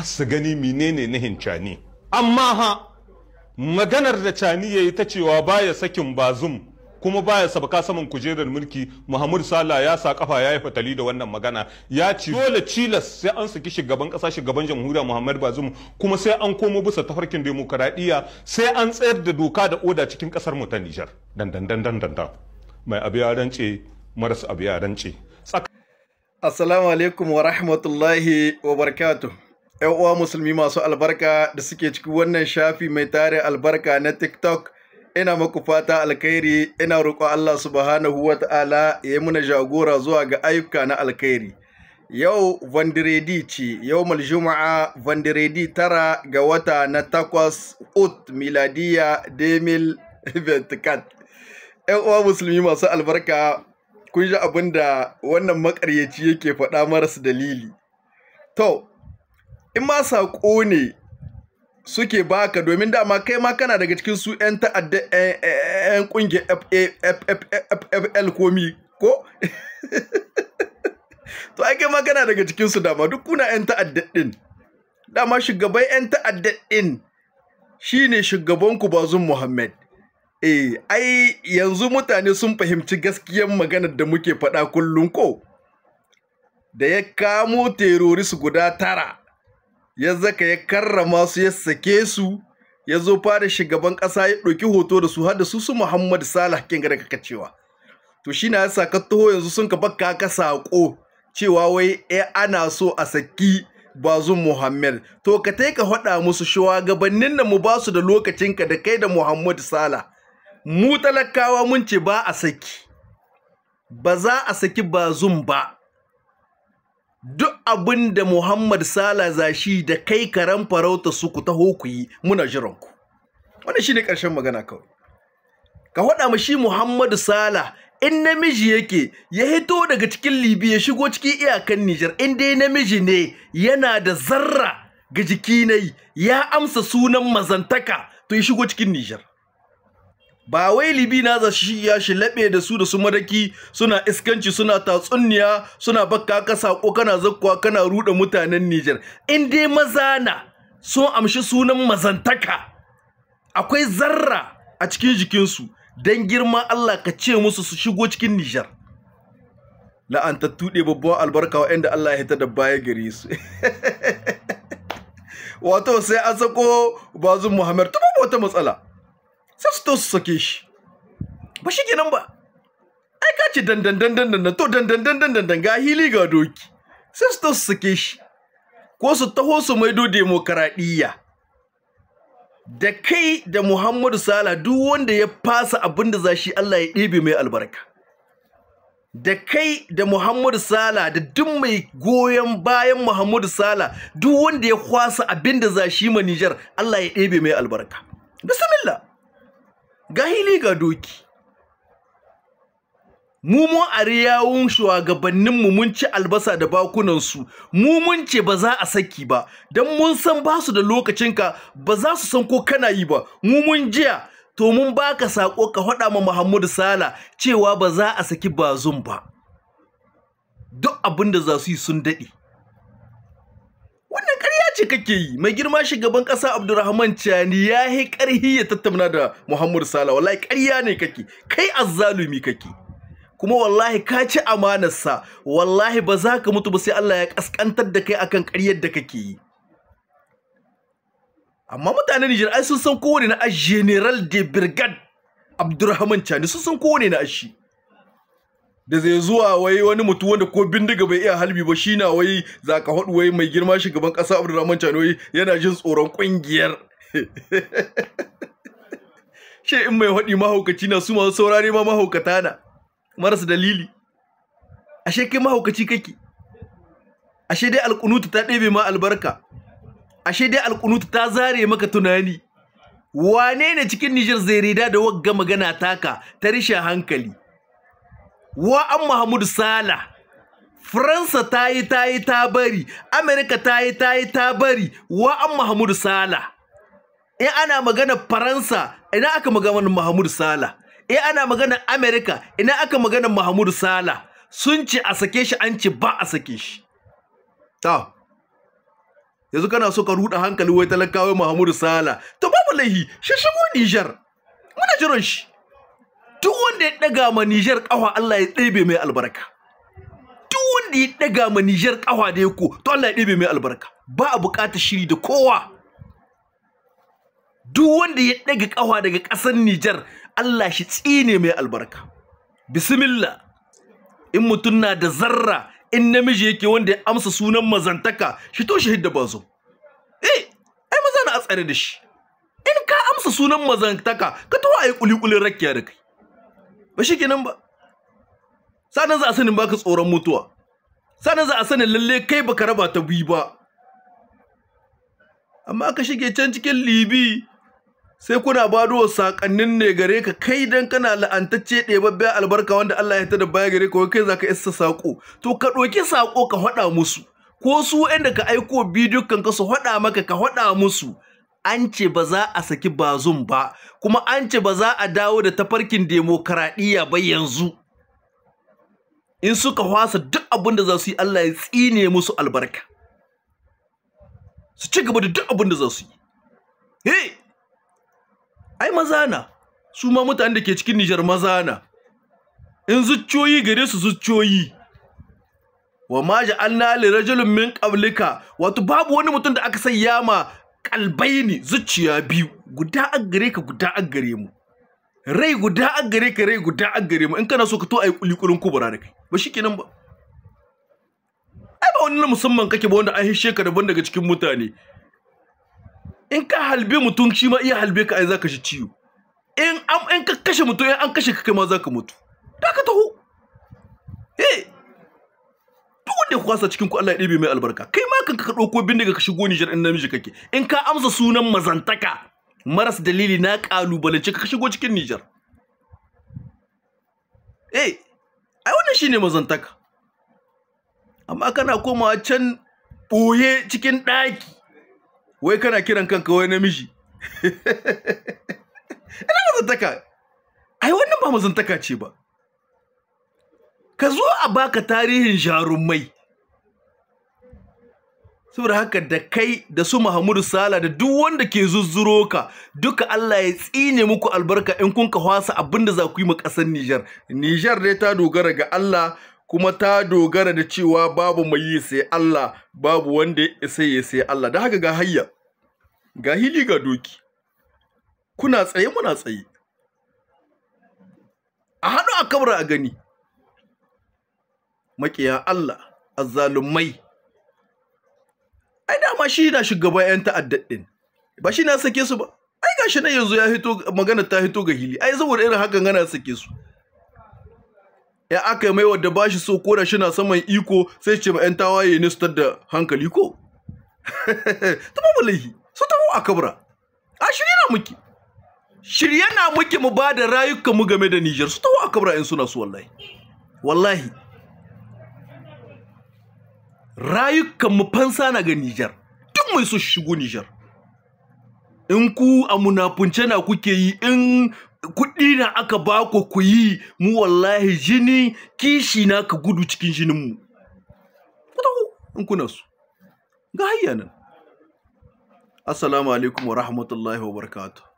har su gani menene nihin cani amma ha maganar da cani ya yi ta cewa baya sakin bazum kuma baya sabaka saman kujerar mulki muhammadu sala ya sa kafa ya yi fatali da wannan magana ya ci dole cilas sai an saki shugaban kasa shugaban jamhuriya muhammad bazum kuma sai an komo bisa tafarkin demokaradiyya sai an tsayar da doka da oda cikin kasar mu ta nijar mai abu ya rance maras abu ya rance assalamu alaikum wa rahmatullahi wa barakatuh 'yan uwa musulmi masu albarka da suke cikin wannan shafi mai tare albarka na tiktok ina muku fata alkhairi ina roƙo allah subhanahu wa ta'ala ya yi muna jagora zuwa ga ayyuka na alkhairi yau vandiredi ce yau maljuma'a vandiredi tara ga wata na takwas ut miladiya demil veticat 'yan uwa musulmi masu albarka kun ji abin da wannan makaryaci yake faɗa maras dalili to in ma saƙo ne suke baka domin dama kai ma kana daga cikin su 'yan ta'adda 'yan ƙungiyar FFL komi ko? to ai kai ma kana daga cikin su dama duk kuna 'yan ta'adda ɗin dama shugaban 'yan ta'adda ɗin shine shugabanku bazun muhammad eh ai yanzu mutane sun fahimci gaskiyan maganar da muke faɗa kullum ko da ya kamo terorist guda tara ya zaka ya karrama su ya sake su ya zo fara shugaban ƙasa ya ɗauki hoto da su har da su su Muhammad Salah kin da kaka cewa to shi na yasa ka taho yanzu sun ka bakka ka saƙo cewa wai eh ana so a saki bazun Muhammad to ka tai ka hada musu shugabannin nan mu ba su da ka da kai da Muhammad Salah mu talakawa mun ce ba a saki ba za a saki bazun ba duk abin da Muhammad Sala shi da kai karan farauta su ku taho ku yi muna jiran ku wannan shine ƙarshen magana kawai ka faɗa mu shi Muhammad Sala in namiji yake ya hito daga cikin Libya shigo cikin iyakan Nijar in dai namiji ne yana da zarra ga jiki ya amsa sunan mazantaka to ya shigo cikin Nijar ba wai na za shi ya shi laɓe da su da su madaki suna iskanci suna tatsuniya suna bakka ka sako kana zakkuwa kana ruɗe mutanen Nijar in dai maza na sun amshi sunan mazantaka akwai zarra a cikin jikinsu don girma Allah ka ce musu su shigo cikin Nijar la'antattu ne babban albarka inda Allah ya hita da baya gare su wato sai an sako bazun Muhammad ta wata matsala sai su to su sake shi ba shi kenan ba ai ka ce dandan dandan dandan to dandan dandan dandan ga hili ga doki sai su to su sake shi ko su taho su maido demokaradiyya da kai da Muhammadu Sala duk wanda ya fasa abin da za shi Allah ya ɗebe mai albarka. Da kai da Muhammadu Sala da duk mai goyon bayan Muhammadu Sala duk wanda ya kwasa abin da za shi ma Nijar Allah ya ɗebe mai albarka. Bismillah. gahili ga doki mu mu ari yawun mu mun ci albasa da su. mu mun ce ba za a saki ba dan mun san ba su da lokacinka ba za su san ko kana yi ba mu mun jiya to mun baka sako ka faɗa ma Muhammadu Sala cewa ba za a saki bazun ba duk abin da za su yi sun dade. wannan ce kake yi mai girma shugaban kasa Abdulrahman Chani ya yi karhi ya tattauna da Muhammadu Sala wallahi karya ne kake kai azzalumi kake kuma wallahi ka ci amanarsa wallahi ba za ka mutu ba sai Allah ya kaskantar da kai akan karyar da kake yi amma mutane Nijar ai sun san kowane na a general de brigade Abdulrahman Chani sun san kowane na ashi da zai zuwa wai wani mutum wanda ko bindiga bai iya halbi ba shi na wai zaka hudu wai mai girma shugaban kasa Abdulrahman canoyi, yana jin tsoron kungiyar she in mai hudi mahaukaci na su masu saurare ma mahaukata na marasa dalili ashe kai mahaukaci kake ashe dai alkunuta ta ɗebe ma albarka ashe dai alkunuta ta zare maka tunani wane ne cikin Nijar zai rida da wagga magana taka ta rishe hankali wa an Muhammadu Sala Faransa ta yi ta yi ta bari Amerika ta yi ta yi ta bari wa an Muhammadu Sala in ana magana Faransa ina aka magana Muhammadu Sala in ana magana Amerika ina aka magana Muhammadu Sala sun ce a sake shi an ce ba a sake shi to yanzu kana so ka ruɗa hankali wai talakawai Muhammadu Sala to babu laihi shi shigo Niger muna jiran shi duk wanda ya daga ma Nijar kafa Allah ya ɗebe mai albarka duk wanda ya daga ma Nijar kafa da ko to Allah ya ɗebe mai albarka ba a buƙatar shiri da kowa duk wanda ya daga kawa daga ƙasar Nijar Allah shi tsine mai albarka bismillah in mutum na da zarra in namiji yake wanda ya amsa sunan mazantaka shi to shi hidda bazo eh ai maza na a tsare da shi in ka amsa sunan mazantaka ka tawa yi ƙuliƙulin rakiya da kai ba shi kenan ba sanan za a sanin baka tsoron mutuwa sanan za a sanin lalle kai baka raba ta biyu ba amma ka shige can cikin libi sai kuna bado sakannin ne gare ka kai dan kana la'antacce ɗebabben albarka wanda Allah ya tada baya gare ka kai zaka isa sako to ka ɗauki sako ka faɗa musu ko su waɗanda ka aiko kan ka su faɗa maka ka faɗa musu an ce ba za a saki bazun ba kuma an ce ba za a dawo da tafarkin demokaradiyya ba yanzu in suka hwasa duk abin da za su yi Allah ya tsine musu albarka su ci gaba da duk abin da za su yi he ai mazana su ma mutanen da ke cikin Nijar mazana in zuccoyi gare su zuccoyi wa ma ja'alna li rajulin min qablika wato babu wani mutum da aka sayyama kalbai ne zuciya biyu guda an gare ka guda an gare mu rai guda an gare ka rai guda an gare mu in kana so ka to ayi kulikulin kubura da kai ba shikenan ba ai ba wannan musamman kake ba wanda an hishe ka daban daga cikin mutane in ka halbe mutum shi ma iya halbe ka ai zaka shi ciwo in an ka kashe mutum in an kashe ka kai ma zaka mutu da ka taho faɗi kwasa cikin ku Allah ya ɗebe mai albarka kai ma kanka ka ɗauko bindiga ka shigo Nijar in namiji kake in ka amsa sunan mazantaka maras dalili na ƙalubalance ka shigo cikin Nijar eh ai wannan shine mazantaka amma kana komawa can ɓoye cikin ɗaki wai kana kiran kanka wai namiji ina mazantaka ai wannan ba mazantaka ce ba ka zo a baka tarihin jarumai saboda haka da kai da su Muhammadu Sala da duk wanda ke zuzzuro ka duka Allah ya tsine muku albarka in kun ka hwasa abin da za ku yi ma ƙasar Nijar. Nijar dai ta dogara ga Allah kuma ta dogara da cewa babu mai yi sai Allah babu wanda ya sai ya sai Allah da haka ga hayya ga hili ga doki kuna tsaye muna tsaye a hannu a kabra a gani maƙiya Allah azzalumai dama shi na shugaban 'yan ta'adda ɗin ba shi na sake su ba ai gashi nan yanzu ya hito magana ta hito ga hili ai saboda irin hakan gana sake su ya aka mai wadda ba shi so ko da shi na saman iko sai ce ma 'yan tawaye ne su da hankali ko ta babu laihi su ta a kabra a shirye na muke shirye na muke mu ba da rayukan mu game da Nijar su ta a kabra in suna su wallahi wallahi rayukan mu fansa na ga Nijar mai su shigo Nijar. In ku a munafunce na kuke yi in kuɗi na aka ba ku yi mu wallahi jini kishi na ka gudu cikin jininmu. mu in kuna su. Ga hayya nan. Assalamu alaikum wa rahmatullahi wa barakatuh.